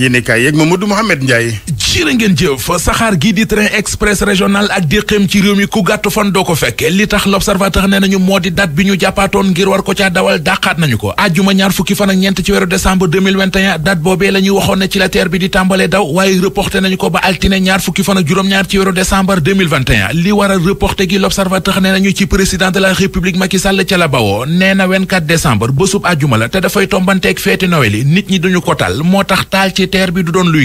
yéen kay yeeg Mamadou Mouhamed Ndiaye. cirë ngeen jëf saxaar gii di train express régional ak déqeem ci réew mi ku gàttu fan doo ko fekke li tax l'observateur ne nañu moo di date bi ñu jàppaatoon ngir war ko caa dawal dàqaat nañu ko ajjuma ñaar fukki fan ak ñeent ci weeru décembre 2021 boobee la ñuy waxoon ne ci la TER bi di tàmbalee daw waaye reporté nañu ko ba altine ñaar fukki fan ak juróom-ñaar ci weeru décembre li war a reporté gi l'observateur ne nañu ci président de la république Macky Sall ca la bawoo nee na 24 décembre la te dafay tombanteeg feeti Noël yi nit ñi duñu ko moo tax taal ci bi doon luy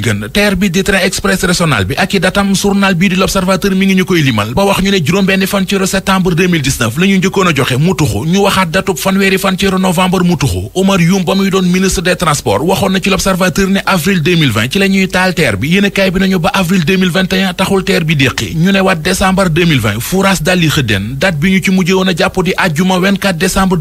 express régional bi ak i datam journal bii di l'observateur mi ngi ñu koy limal ba wax ñu ne juróom-benn fan septembre 2019 njëkkoon a joxe mu tuxu ñu waxaat datub fanweeri fan novembre mu tuxu Omar Youm ba muy doon ministre des transports waxoon na ci l'observateur ne avril ci la taal TER bi yéen bi nañu ba avril taxul TER bi déqi ñu ne waat décembre 2020 fourage dalli xëddeen bi ñu ci mujjewoon a jàpp di àjjuma 24 décembre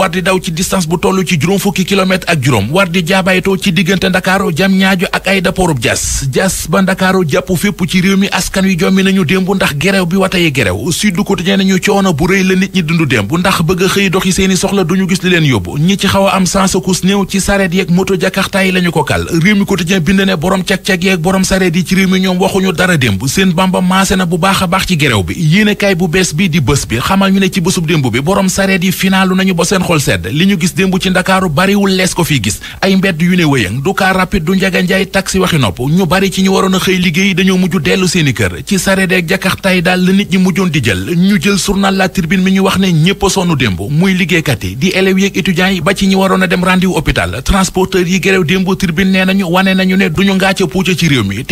war di daw ci distance bu toll ci juróom fukki kilomètre ak juróom war di jaabaytoo ci diggante ndakaaru jam ñaajo ak ay daporub jas jas ba ndakaaru jàpp fépp ci réew mi askan wi jommi nañu démb ndax gerew bi wata yi gerew Sud Quotidien nañu coono bu rëy la nit ñi dundu démb ndax bëgg xëy xëy yi seeni soxla duñu gis li leen yóbbu ñi ci am a am sansakus néew ci sareet yeeg moto jakarta yi lañu ko kal réew mi Quotidien bind ne borom cag-cag yeeg borom sareet yi ci réew dara démb seen bamba maase na bu baax a baax ci gerew bi yéenekaay bu bees bi di bës bi xamal ñu ne ci bësub démb bi borom sareet yi finaalu nañu ba seen xol sedd li ñu gis démb ci ndakaaru bariwul lees ko fii gis ay mbedd yu ne wëyëng du car rapide du njaga njaay taxi waxi nopp ñu bari ci ñu waroon a xëy liggéey dañoo mujj dellu seeni kër ci saredeeg jakartaay daal la nit ñi mujjoon di jël ñu jël journal La Tribune mi ñu wax ne ñépp a démb muy liggéeykat yi di élèves yeeg étudiants yi ba ci ñi waroon a dem rendez-vous transporteur yi gerew démb Tribune nee nañu wane nañu ne duñu ngaaca ci réew mi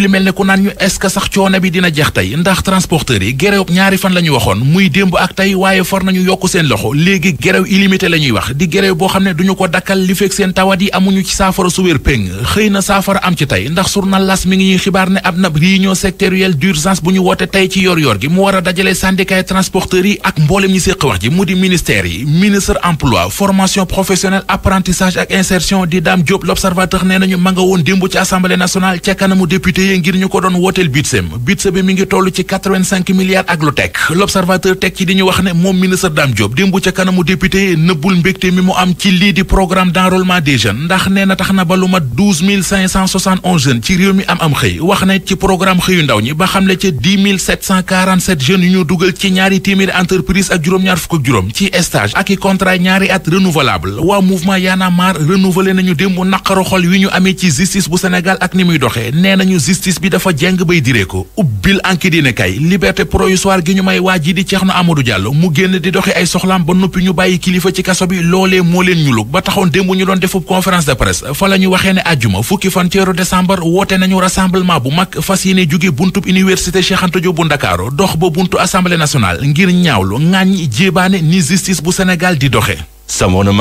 réew mi ndax coono bi dina jeex tey ndax transporteurs yi gerew ñaari fan la ñu waxoon muy démb ak tey waaye for nañu yokk seen loxo léegi gerew illimité la ñuy wax di gerew boo xam ne duñu ko dakkal li fekk seen tawat yi amuñu ci saafara su wér xëy na saafara am ci tey ndax journal L'As mi ngi ñuy xibaar ne ab nab réunion sectorielle d'urgence bu ñu woote tey ci yor yor gi mu war a dajale syndicat transporteurs yi ak mboolem ñi séq wax ji mu di ministère yi ministre emploi formation professionnelle apprentissage ak insertion di Dame Diop L'Observateur nee woon démb ci assemblée nationale ca kanamu député ko doon wooteel biit budgétam budget bi mi ngi toll ci 85 milliards ak lu teg l'observateur teg ci di ñu wax ne moom ministre Dame Diop démb ca kanamu député nëbbul mbégte mi mu am ci lii di programme d'enrôlement des jeunes ndax nee na tax na ba lu mat 12 571 jeunes ci réew mi am am xëy wax na ci programme xëyu ndaw ñi ba xamle ca 10 747 jeunes yu ñu dugal ci ñaari téeméeri entreprise ak juróom-ñaar fukk ak juróom ci stage ak i contrat ñaari at renouvelable waa mouvement na Mar renouvelé nañu démb naqaru xol wi ñu amee ci justice bu Sénégal ak ni muy doxee nee nañu justice bi dafa jeng bay diree ko ubbil enquête yi ne kay liberté provisoire gi ñu may waa ji di Thierno Amadou Diallo mu génn di doxi ay soxlaam ba noppi ñu bàyyi kilifa ci kaso bi loolee moo leen ñulug ba taxoon démb ñu doon defub conférence de presse fa la ñu waxee ne àjjuma fukki fan ceeru décembre woote nañu rassemblement bu mag fas yéene jóge buntub université Cheikh Anta Ndakaaru dox ba buntu assemblée nationale ngir ñaawlu ŋaañ jéebaane ni justice bu Sénégal di doxe Samona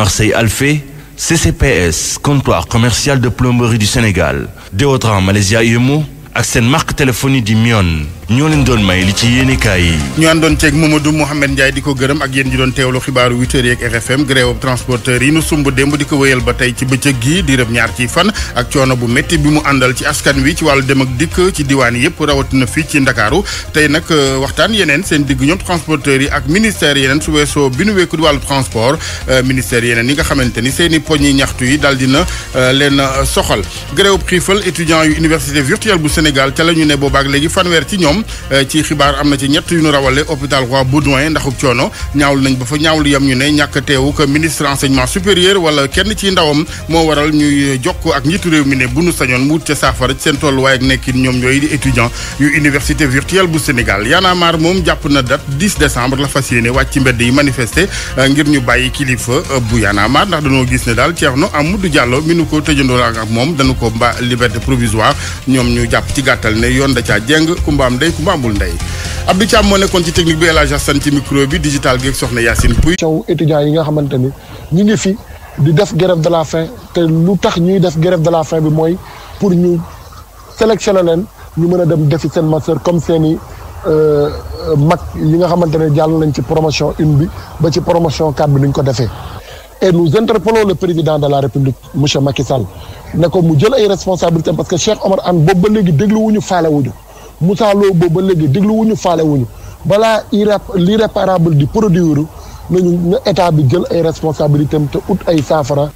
ak seen marque téléphone yi di Mion ñoo leen doon may li ci yéenekaay yi. ñu àndoon ceeg Mamadou Mouhamed Ndiaye di ko gërëm ak yéen di doon teewlu xibaaru 8h yeeg RFM grève transporteurs yi nu sumb démb di ko wéyal ba tey ci bëccëg gi di rëb ñaar ci fan ak coono bu métti bi mu àndal ci askan wi ci wàllu dem ak dikk ci diwaan yëpp rawatina fii ci Ndakaaru tey nag euh, waxtaan yeneen seen digg ñoom transporteurs yi ak ministère yeneen su weesoo bi nu wékku wàllu transport euh, ministère yeneen yi nga xamante ni seen i poñi ñaxtu yi daal dina euh, leen soxal grève xiifal étudiants yu université virtuelle bu Sénégal ca la ñu ne boobaak léegi fanweer ci ñoom ñoom euh, ci xibaar am na ci ñett yu ñu rawale hôpital roi Baudouin ndaxub coono ñaawlu nañ ba fa ñaawlu yam ñu ne ñàkk teewu que ministre enseignement supérieur wala kenn ci ndawam moo waral ñuy jokk ak njiitu réew mi ne bu nu sañoon mu wut ca saafara ci seen tolluwaay ak nekkin ñoom ñooy di étudiant yu université virtuelle bu Sénégal Y'en a marre moom jàpp na date 10 décembre la fas yéene wàcc ci mbedd yi manifester euh, ngir ñu bàyyi kilifa euh, bu Y'en a ndax dañoo gis ne ndey ku mbaamul ndey Abdou Thiam moo nekkoon ci technique bi El Hadj Assane ci micro bi digital gi ak soxna Yacine Pouy. coow yi nga xamante ni ñu ngi fi di def grève de la faim te lu tax ñuy def grève de la faim bi mooy pour ñu sélectionné leen ñu mën a dem defi seen master comme seen i euh, mag yi nga xamante ne jàll lañ ci promotion une bi ba ci promotion quatre bi nuñ ko defee. et nous interpellons le président de la république monsieur Macky Sall ne ko mu jël ay responsabilités parce que Cheikh Omar Anne léegi dégluwuñu faalewuñu Moussa Lo boobu ba léegi déglu wu ñu faale wu ñu balaa l'irréparable di produire nañu na état bi jël ay responsabilités am te ut ay saafara.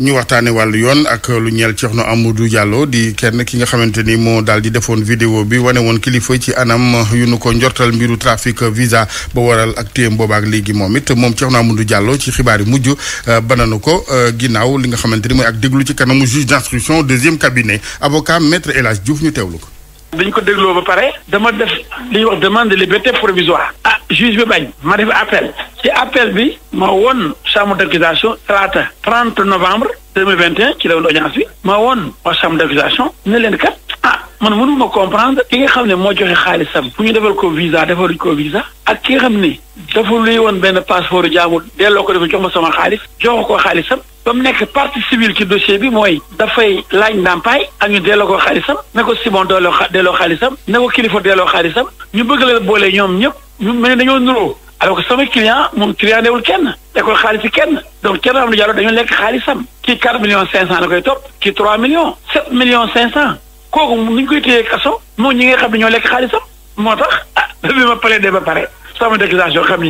ñu waxtaanee wàllu yoon ak lu ñeel Cheikhna Amadou Diallo di kenn ki nga xamante ni moo daal di defoon vidéo bi wane woon kilifa ci anam yu nu ko njortal mbiru trafic visa ba waral ak téem boobaak léegi moom it moom Cheikhna Amadou jàlloo ci xibaar yi mujj euh, bananu ko euh, ginnaaw li nga xamante ni mooy ak déglu ci kanamu juge d'instruction deuxième cabinet avocat maître El Hadj ñu teewlu ko. dañ ko dégloo ba pare dama def li ñuy wax demande de liberté provisoire ah juge bi bañ ma def appel ci appel bi ma woon chambre d'accusation talaata 30 novembre 2021 ci la woon audience bi ma woon waa chambre d'accusation ne leen kat ah man mënuma comprendre ki nga xam ne moo joxe xaalisam bu ñu defal ko visa defaluñ ko visa ak ki nga xam ne dafa luy woon benn passeport jaamul delloo ko dafa jox ma sama xaalis jox ko xaalisam ba mu nekk parti civile ci dossier bi mooy dafay laaj ndàmpaay ak ñu delloo ko xaalisam ne ko Simon delloo delloo xaalisam ne ko kilifa delloo xaalisam ñu bëgg la boole ñoom ñëpp ñu mel dañoo nuroo alors que sama client moom clientewul kenn lekkul xaalis kenn donc Thierno Amadou Diallo dañu lekk xaalisam ci quatre millions cinq cent la koy topp ci trois millions sept millions cinq cent kooku ni ñu koy téyee kaso moom ñi nga xam ne ñoo lekk xaalisam moo tax ah bi ma plaidé ba pare sama déclaration xam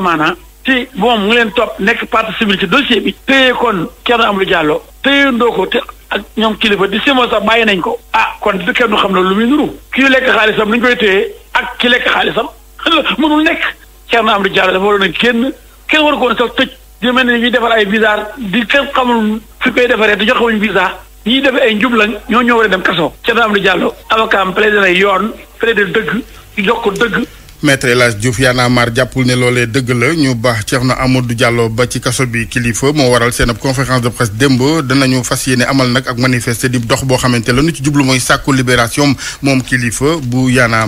maanaa ci moom mu leen topp nekk partie ci dossier bi téye kon Thierno Amadou Diallo téye ndoo ko te ak ñoom kilifa di simo sax bàyyi nañ ko ah kon du kenn du xam ne lu muy nuru kii lekk xaalisam nuñ koy téye ak ki lekk xaalisam mënul nekk Thierno Amadou Diallo dafa waroon a génn kenn war ko woon sax tëj di mel ni ñuy defar ay visa di kenn xamul fi koy defaree di jox xamuñ visa ñiy def ay njub lañ ñoo ñoo war a dem kaso Thierno am plaidé na yoon plaidé dëgg jox ko maître El Hadj a marre jàppul ne loolee dëgg la ñu baax Thierno Amadou Diallo ba ci kaso bi kilifa moo waral seen ab conférence de presse démb danañu fas yéene amal nag ak manifester di dox boo xamante la nu ci jublu mooy sàkku libération moom kilifa bu Y'en a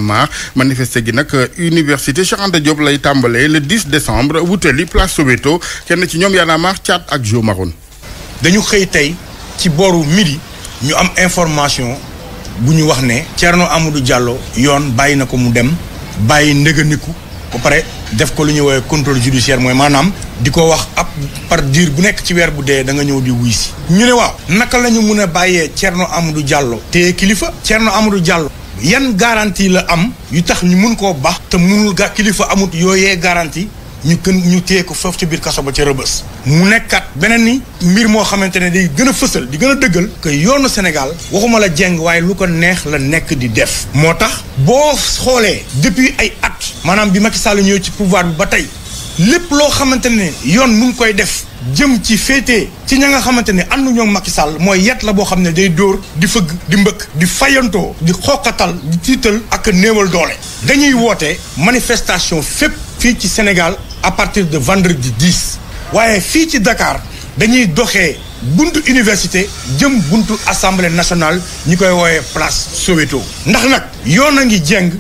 manifester gi nag euh, université Cheikh Anta lay tàmbalee le 10 décembre wutali place Soweto kenn ci ñoom Y'en a marre ak Jo Maroon. dañu xëy tey ci booru midi ñu am information bu ñu wax ne Thierno Amadou Diallo yoon bàyyi na ko mu dem. bàyyi ndëgëniku ba pare def ko lu ñuy woowee contrôle judiciaire mooy maanaam di ko wax ab par diir bu nekk ci weer bu dee da nga ñëw di wuy si ñu ne waaw naka la ñu mun a bàyyee Thierno Amadou jàlloo te kilifa Thierno Amadou Diallo yan garantie la am yu tax ñu mun koo baax te mu ga kilifa amut yooyee garantie ñu gën ñu téye ko foofu ca biir kaso ba ci rëbës mu nekkat beneen ni mbir moo xamante ne day gën a fësal di gën a dëggal que yoonu Sénégal waxuma la jeng waaye lu ko neex la nekk di def moo tax boo xoolee depuis ay at maanaam bi Macky Sall ñëw ci pouvoir bi ba tey lépp loo xamante ne yoon mu koy def jëm ci féete ci ña nga xamante ne ànd ñoom Macky Sall mooy yet la boo xam ne day dóor di fëgg di mbëkk di fayantoo di xoqatal di tiital ak néewal doole dañuy woote manifestation fépp fii ci Sénégal à partir de vendredi 10 waaye fii ci Dakar dañuy doxee buntu université jëm buntu assemblée nationale ñi koy wooyee place Soweto ndax nag yoon a ngi jeng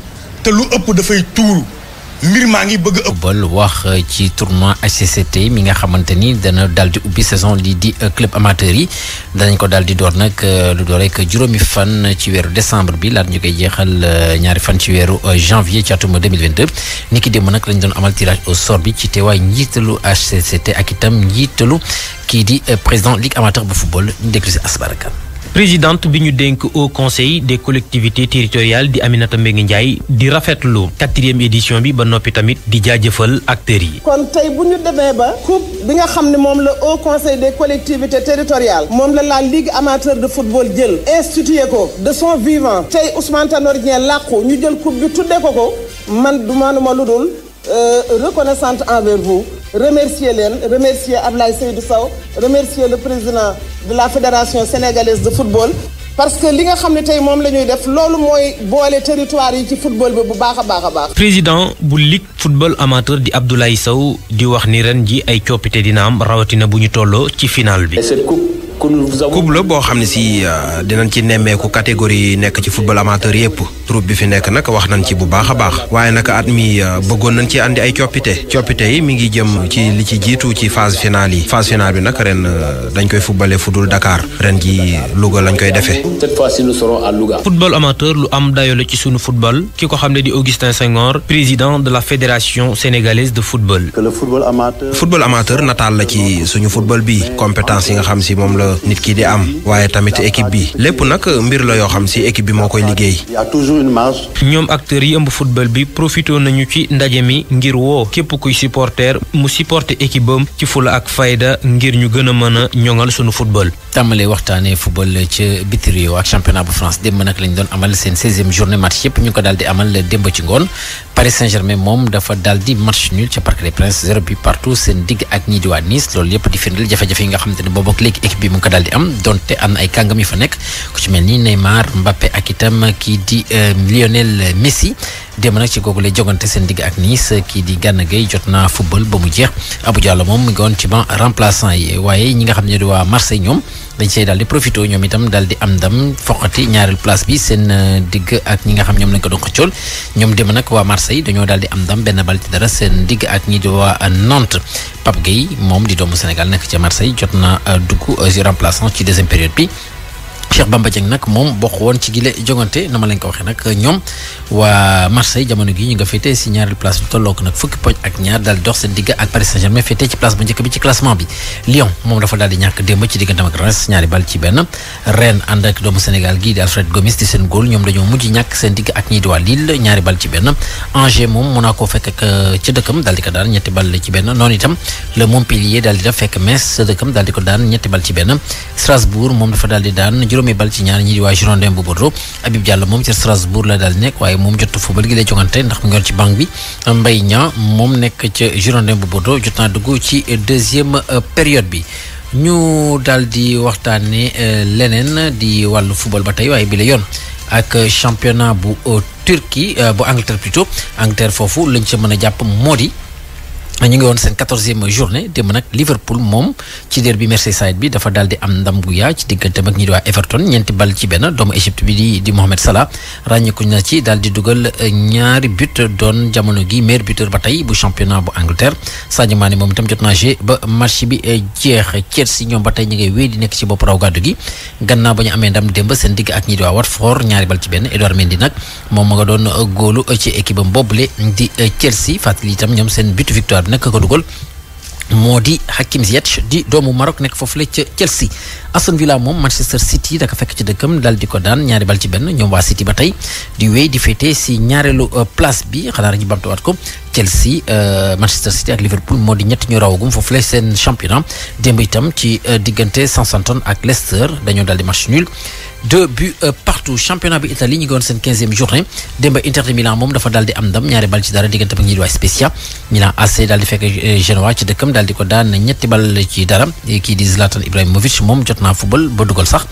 te lu ëpp dafay tuuru mbir maa ngi bëgg ëpp. bal wax euh, ci tournoi HCCT mi nga xamante ni dana daal di ubbi saison lii di euh, club amateur yi danañ ko daal di door nag euh, lu door rek juróomi fan ci weeru décembre bi laata ñu koy jeexal ñaari fan ci weeru janvier ci atum 2022 ni ki démb nag lañ doon amal tirage au sort bi ci teewaay njiitalu HCCT ak itam njiitalu kii di président ligue amateur bu football ñu déglu si Asbarakan présidente bi ñu denk au conseil des collectivité territoriales di Aminata Mbengue Ndiaye di rafetlu quatrième édition bi ba noppi tamit di jaajëfal acteurs yi. kon tey bu ñu demee ba coupe bi nga xam ne moom la au conseil des collectivités territorial moom la la ligue amateur de football jël institué ko de son vivant tey Ousmane Tanor Dieng làqu ñu jël coupe bi tuddee ko ko man du maanuma lu dul euh, reconnaissante envers vous. remercier leen remercier Ablaye Seydou Sow remercier le président de la fédération sénégalaise de football. parce que li nga xam ni tey moom la ñuy def loolu mooy boole territoire yi ci football bi bu baax a baax a baax. président bu ligue football amateur di Abdoulaye Sow di wax ni ren ji ay coppite dina am rawatina bu ñu tolloo ci final bi. cette coupe coupe la boo xam ne si euh, dinañ ci nemmeeku catégorie nekk ci football amateur fi nekk nag wax nañ ci bu baax a baax waaye nag mi euh, bëggoon nañ ci andi ay coppite coppite yi mi ngi jëm ci li ci jiitu ci phase finale yi phase bi nag ren euh, dañ koy footballé fu dul Dakar ren ji Louga lañ koy defee. cette fois-ci nous lu am dayo la ci sunu football ki ko xam ne di Augustin Senghor président de la fédération sénégalaise de football. que le nataal la ci suñu football bi compétence yi nga xam si moom la. nit ki di am waaye tamit équipe bi lépp yoo xam si moo koy liggéey. ñoom acteurs yi football bi profité nañu ci ndaje mi ngir woo képp kuy supporter mu supporter équipe bam ci fula ak fayda ngir ñu gën a mën a ñoŋal sunu football. tàmbalee waxtaanee football ca biti réew ak championnat bu France démb nag lañ doon amal seen seizième journée match yëpp ñu ko daal amal démb ci ngoon Paris Saint-Germain moom dafa daal match nul ca Parc des Princes zéro partout seen digg ak ñii di waa Nice loolu yëpp di firndeel jafe-jafe yi nga xamante ne ak léegi mu ngi ko daal di am donte am na ay kàngam yu fa nekk ku ci mel ni Neymar Mbappé ak itam kii di euh, Lionel Messi démb nag ci googu lay jogante seen digg ak Nice kii di Gana Gueye jot naa football ba mu jeex Abou Diallo moom mi ngi woon ci ban remplaçant yi waaye ñi nga xam ne di waa Marseille ñoom. dañ see daal di profité ñoom itam daal di am ndam foqati ñaareel place bi seen euh, digg ak ñi nga xam ñoom lañ ko doon xëccool ñoom dem nag waa Marseille dañoo daal di am dam benn bal dara seen digg ak ñi di waa euh, Nantes Pape Gueye moom di doomu Sénégal nekk ca Marseille jot na euh, dugg remplaçant ci deuxième période bi Cheikh Bamba Dieng moom bokk woon ci gile jongante na ma leen ko waxee nag ñoom waa Marseille jamono gi ñu nga féetee si ñaareelu place bu tolloog nag fukki poñ ak ñaar daal dox seen digg ak Paris Saint-Germain féetee ci place bu njëkk bi ci classement bi Lyon moom dafa daal di ñàkk démb ci diggantam ak Reims ñaari bal ci benn Rennes ànd ak doomu Sénégal fekk euh, ca dëkkam daal di ko daan ñetti bal ci benn noonu itam le Montpellier daal di def fekk Metz sa dëkkam juróomi bal ci ñaar ñi di waa Girondin bu Bordeaux Habib Diallo moom ca Strasbourg la daal nekk waaye moom jot football gi lay jongante ndax mu ngi ci banque bi Mbaye Niang moom nekk ca Girondin bu Bordeaux jot naa dugg ci deuxième euh, période bi. ñu daal di waxtaanee euh, leneen di wàll football ba tey waaye bi la yoon ak championnat bu euh, Turquie bu Angleterre plutôt Angleterre foofu lañ ca mën a jàpp moo di. ñu ngi woon seen quatorzième journée démb nag Liverpool moom ci derby Merseyside bi dafa daal di am ndam gu yaa ci diggante ak ñi di waa Everton ñeenti bal ci benn doomu Égypte bi di di Salah ràññeeku na ci daal di dugal eh, ñaari but doon jamono gi meilleur buteur ba tey bu championnat bu Angleterre sa Mané moom itam jot naa jouer ba match bi eh, jeex Chelsea ñoom ba tey ñu ngay wéy di nekk ci bopp raw gàddu gi gannaaw ba ñu amee ndam démb seen digg ak ñi di waa Watford benn Edouard Mendy doon eh, góolu ci équipe am boobule di Chelsea fàttali bi nag ko dugal moo di Hakim Ziyech di doomu Maroc nekk foofu la ca Chelsea Aston Villa moom Manchester City daka fekk ci dëkkam daal di ko daan ñaari bal ci benn ñoom waa City ba tey di wéy di féete si ñaareelu euh, place bi xanaa rek ñu bamtuwaat ko Chelsea euh, Manchester City ak Liverpool moo di ñett ñu rawagum foofu la seen championnat démb itam ci euh, diggante Southampton ak Leicester dañoo daal di match nul. deux buts euh, partout championnat bi Italie ñu ngi seen quinzième journée démb Inter Milan moom dafa daal di am ndam ñaari bal ci dara diggante ba ñi di waa Spezia Milan AC daal di fekk euh, Genoa ci dëkkam daal di ko daan ñetti bal ci dara kii di Zlatan Ibrahimovic moom jot naa football ba dugal sax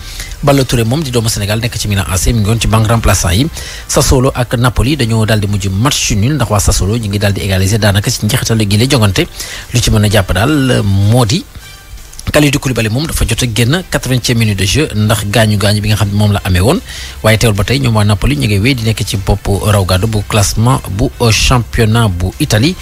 Ballo Touré moom di doomu Sénégal nekk ci Milan AC mi ngi woon ci banc remplaçant yi Sassuolo ak Napoli dañoo daal di mujj match nul ndax waa ñu ngi daal di égaliser daanaka ci njeexitalu gi la jongante lu daal euh, moo di Kalidou Koulibaly moom dafa jot a génn quatre-vingtième minute de jeu ndax gaañu gaañu bi nga xam ne moom la amee woon waaye teewul ba tey ñoom waa Napoli ñu ngi wéy di nekk ci bopp raw gàddu bu classement bu euh, championnat bu Italie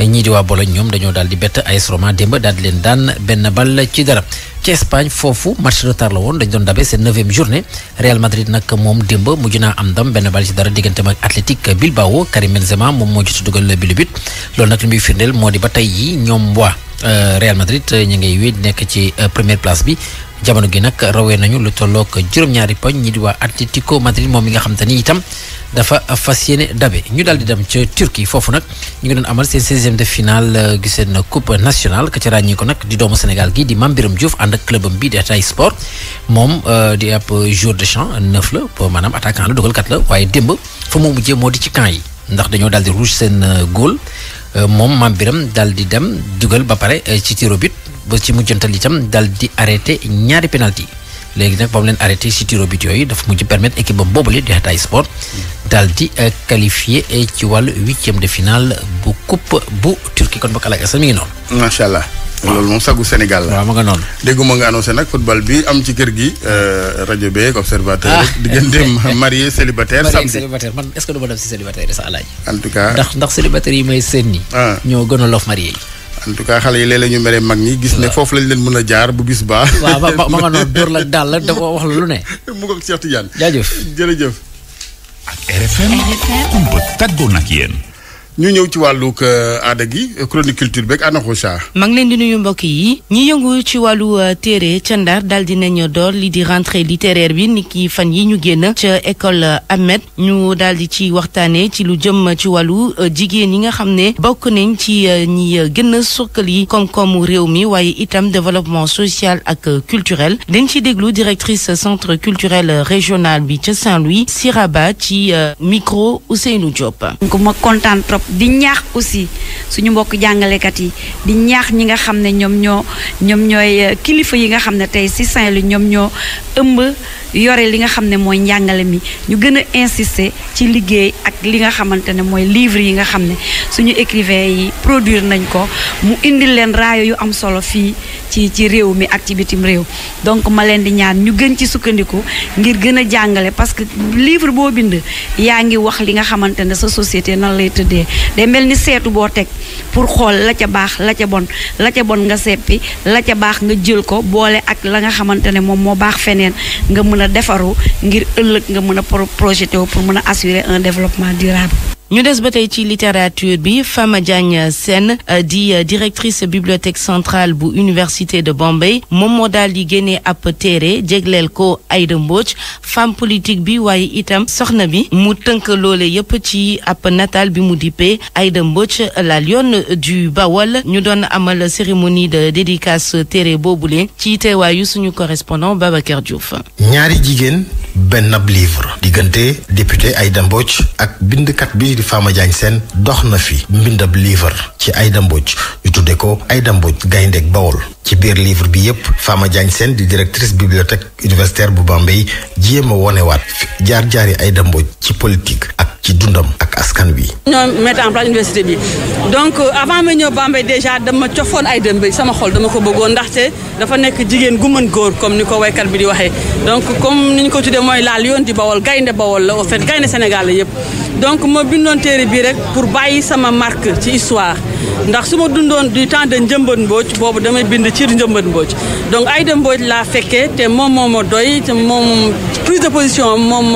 ñii di waa Bologne ñoom dañoo daal di bett AS Roma démb daal di leen daan benn bal ci dara ci Espagne foofu match retard la woon dañ doon dabe seen neuvième journée Real Madrid nag moom démb mujj naa am ndam benn bal ci dara digganteem ak Athletic Bilbao Karim Benzema moom moo jot a dugal bi lu but loolu nag li muy firndeel moo di ba tey yi ñoom waa euh, Real Madrid euh, ñu ngay wéy nekk ci euh, première place bi jamono gi nag rawee nañu lu tollook juróom-ñaari poñ ñi di waa Atlético Madrid moom mi nga xam ni itam dafa fas yéene dabe ñu daal di dem ca Turquie foofu nag ñu ngi doon amal seen seizième de finale euh, gi seen coupe nationale ka ca ràññi ko nag di doomu Sénégal gi di Mame Birame Diouf ànd ak clubam bi di Hatay Sport moom euh, di ab jour de champ neuf la maanaam attaquant la dugalkat la waaye démb fa mu mujjee moo di ci camp yi ndax dañoo daal di rouge seen euh, góol Euh, moom Mame Birame daal di dem dugal ba pare euh, ci tiro ba ci mujjantal itam daal di arrêté ñaari penalti léegi nag ba mu leen arrêté ci tiro yooyu dafa mujj permettre équipe bam boobule di Hatay Sport daal di euh, qualifié ci wàll huitième de finale bu coupe bu Turquie kon bokk àlak mi ngi noonu macha allah loolu moom sagu Sénégal la. waaw ma nga noonu. dégguma nga annoncé nag football bi am ci kër gi. Euh, rajo beeg observateur. ah diggante marié célibataire. samedi marié célibataire man est que du ma dem si célibataire sa alaaj. en tout cas ndax ndax célibataire yi may seen nii. Ah. ñoo gën a lof marié yi. en tout cas xale yi léeg-léeg ñu mere mag ñi. gis ne ah. foofu lañ leen mën a jaar bu bis baa. waaw ma ma nga noonu dóor la daal la dafa wax la lu ne. mu ngoog Cheikh Tidiane. jaajëf jërëjëf. ak RFM. RFM kumpa nag yéen. ñu ñëw ci wàllug euh, aada gi chronique culture beeg Anna Rocha. maa ngi leen di nuyu mbokk yi ñu yëngu ci wàllu euh, téere ca Ndar daal di nañu door li di rentrée littéraire bi ni ki fan yi ñu génn ca école euh, Ahmed ñu daal di ci waxtaanee ci lu jëm ci wàllu jigéen yi nga xam ne bokk nañ ci ñi gën a suqali koom-koomu réew mi waaye itam développement social ak culturel dañ ci déglu directrice centre culturel régional bi ca Saint-Louis Siraba ci micro Ousseynou Diop. ma di ñaax aussi suñu mbokk jàngalekat yi di ñaax ñi nga xam ne ñoom ñoo ñoom ñooy euh, kilifa yi nga xam ne tey ci Saint-Louis ñoom ñoo ëmb yore li nga xam ne mooy njàngale mi ñu gën a insister ci liggéey ak li nga xamante ne mooy livre yi nga xam ne suñu écrivain yi produire nañ ko mu indil leen raayo yu am solo fii ci ci réew mi ak ci bitim réew donc ma leen di ñaan ñu gën ci sukkandiku ngir gën a jàngale parce que livre boo bind yaa ngi wax li nga xamante ne sa société nan lay tëddee day mel ni seetu boo teg pour xool la ca baax la ca bon la ca bon nga seppi la ca baax nga jël ko boole ak la nga xamante ne moom moo baax feneen nga mën a mën a defaru ngir ëllëg nga mën a projeté wu pour mën a assurer un développement durable ñu des ba tey ci littérature bi Fama Diagne seen euh, di euh, directrice bibliothèque centrale bu université de Bombay moom moo daal di génnee ab téere jégleel ko Aïda Mbodj femme politique bi waaye itam soxna bi mu tënk loole yépp ci ab nataal bi mu dippee Aïda Mbodj la lionne du Bawol ñu doon amal cérémonie de dédicace téere boobu boobule ci teewaayu suñu correspondant Babacar Diouf. ñaari di Fama Diagne Sène dox na fi mbindab liifar ci Aïda Mbodj ñu tudde ko Aïda Mbodj gayndeek Bawol ci biir livre bi yépp Fama Diagne Sène di directrice bibliothèque universitaire bu Bambey jéem a wonewaat jaar-jaari Aïda Mbodj ci politique ak ci dundam ak askan bi ñoo mettre en place université bi donc euh, avant ma ñëw Bambey déjà dama cofoon Aïda Mbodj sama xol dama ko bëggoon ndaxte dafa nekk jigéen gu mën góor comme ni ko waykat bi di waxee donc comme ni ñu ko tuddee mooy laal yoon di Bawol gaynde Bawol la au donc ma bindoon téere bi rek pour bàyyi sama marque ci histoire ndax su ma dundoon du temps de Njëmbat Mbooj boobu damay bind ci Njëmbat Mbooj donc Aïda Mbooj laa fekkee te moom moo ma doy te moom prise de position moom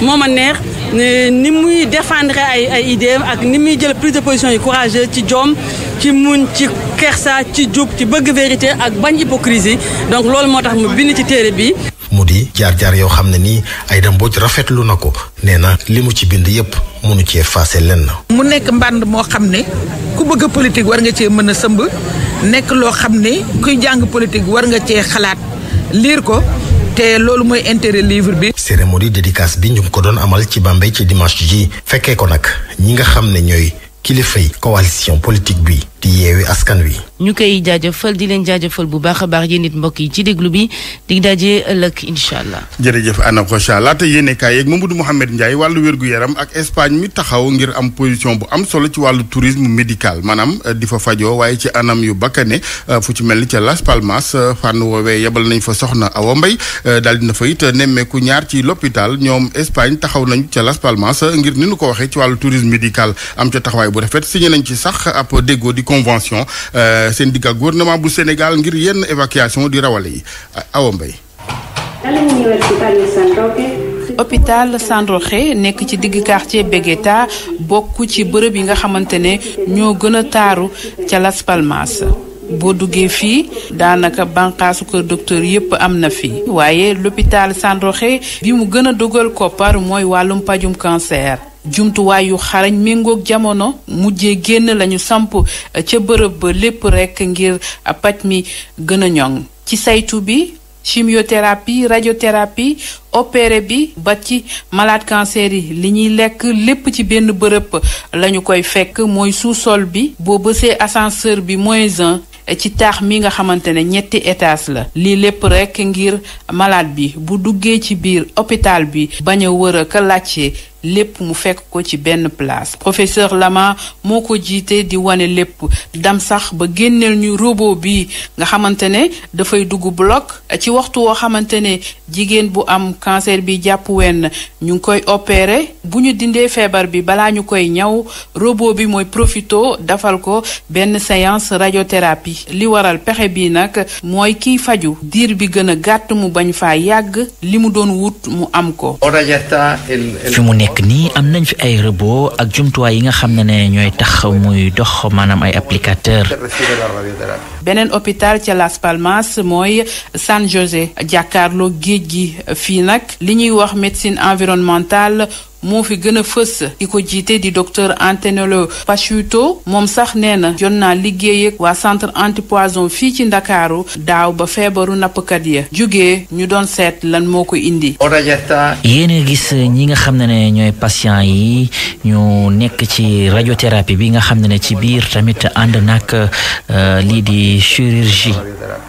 moo ma neex ni muy défendre ay ay idées ak ni muy jël prise de position yu courageux ci jom ci muñ ci kersa ci jub ci bëgg vérité ak bañ hypocrisie donc loolu moo tax mu bind ci téere bi mu di jaar-jaar yoo xam ne nii Aïda Mbodj rafetlu na ko nee na li mu ci bind yépp mënu cee faase lenn. mu nekk mbànd moo xam ne ku bëgg politique war nga cee mën a sëmb nekk loo xam ne kuy jàng politique war nga cee xalaat liir ko. te loolu mooy intérêt livre bi. cérémonie dédicace bi ñu ngi ko doon amal ci Bambey ci dimanche ji fekkee ko nag ñi nga xam ne ñooy kilifay coalition politique bi di yeewi askan wi. ñu koy jaajëfal di leen jaajëfal bu baax a baax nit mbokk yi ci déglu bi di daje ëllëg incha allah. jërëjëf ana Kocha laata yéene kaay yeeg Mamadou Mouhamed Ndiaye wàllu wér yaram ak Espagne mi taxaw ngir am position bu am solo ci wàllu tourisme médical maanaam euh, di fa fajoo waaye ci anam yu bakkane euh, fu ci mel ni ca Las Palmas euh, fànn woowee yebal nañ fa soxna Awa Mbay daal na fa it nemmeeku ñaar ci l'hôpital ñoom Espagne taxaw nañ ca Las Palmas ngir ni ñu ko waxee ci wàllu tourisme médical am ca taxawaay bu rafet signé nañ ci sax ab déggoo di convention Euh, seen digg ak gouvernement bu Sénégal ngir yenn évacuation di rawale yi Awa Mbaye hôpital Sandroxé nekk ci digg quartier Begueta bokk ci bërëb yi nga xamante ne ñoo gën a taaru ca Las boo duggee fii daanaka banqaasu kër docteur yépp am na fi waaye l'hôpital Sandroxé bi mu gën a dogal koppar mooy wàllum pajum cancer jumtuwaay yu xarañ méngoog jamono mujje génn lañu samp eh, ca bërëb ba lépp rekk ngir eh, paj mi gën a ñoŋ ci saytu bi chimiothérapie radiothérapie opéré bi ba ci malaat cancer yi li ñuy lekk lépp ci benn bërëb eh, lañu koy fekk mooy sous bi boo bësee ascenseur bi moins ci taax mi nga xamante ne ñetti étage la lii lépp rekk ngir malaat bi bu duggee ci biir hôpital bi bañ a wër a ka laajte lépp mu fekk ko ci benn place professeur Lama moo ko jiite di wane lépp dam sax ba génneel ñu robot bi nga xamante ne dafay dugg bloc ci waxtu woo xamante ne jigéen bu am cancer bi jàpp wenn ñu ngi koy opeere bu ñu dindee feebar bi balaa ñu koy ñaw robot bi mooy profito defal ko benn séance radiothérapie li waral pexe bi nag mooy kiy faju diir bi gën a gàtt mu bañ fa yàgg li mu doon wut mu am ko. nii am nañ fi ay robot ak jumtuwaay yi nga xam ne ne ñooy tax muy dox maanaam ay applicateur beneen hôpital ca Las Palmas mooy San José jàkkaarloo géej gi fii nag li ñuy wax médecine environnementale moo fi gën a fës ki ko jiite di docteur Antonello Paciuto moom sax nee na jot naa liggéey waa centre antipoison fii ci ndakaaru daaw ba feebaru nappkat ya jóge ñu doon seet lan moo ko indi yéen a gis ñi nga xam ne ne ñooy patient yi ñu nekk ci radiothérapie bi nga xam ne ne ci biir tamit ànd nag euh, lii di ci chirurgie.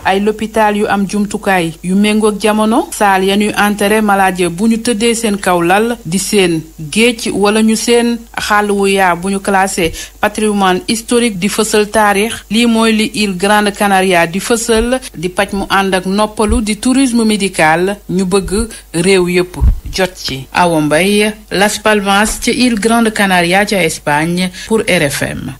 ay l'hôpital yu am jumtukaay yu méngoog jamono saal ya ñuy enterré malade bu ñu tëddee seen kaw lal di seen géej wala ñu seen xàll wu yaa bu ñu classé patrimoine historique di fësal taarix lii mooy li île Grande Canaria di fësal di paj mu ànd ak noppalu di tourisme médical ñu bëgg réew yépp jot ci Awa Mbaye Las Palmas ci île Grande Canaria ca Espagne pour RFM.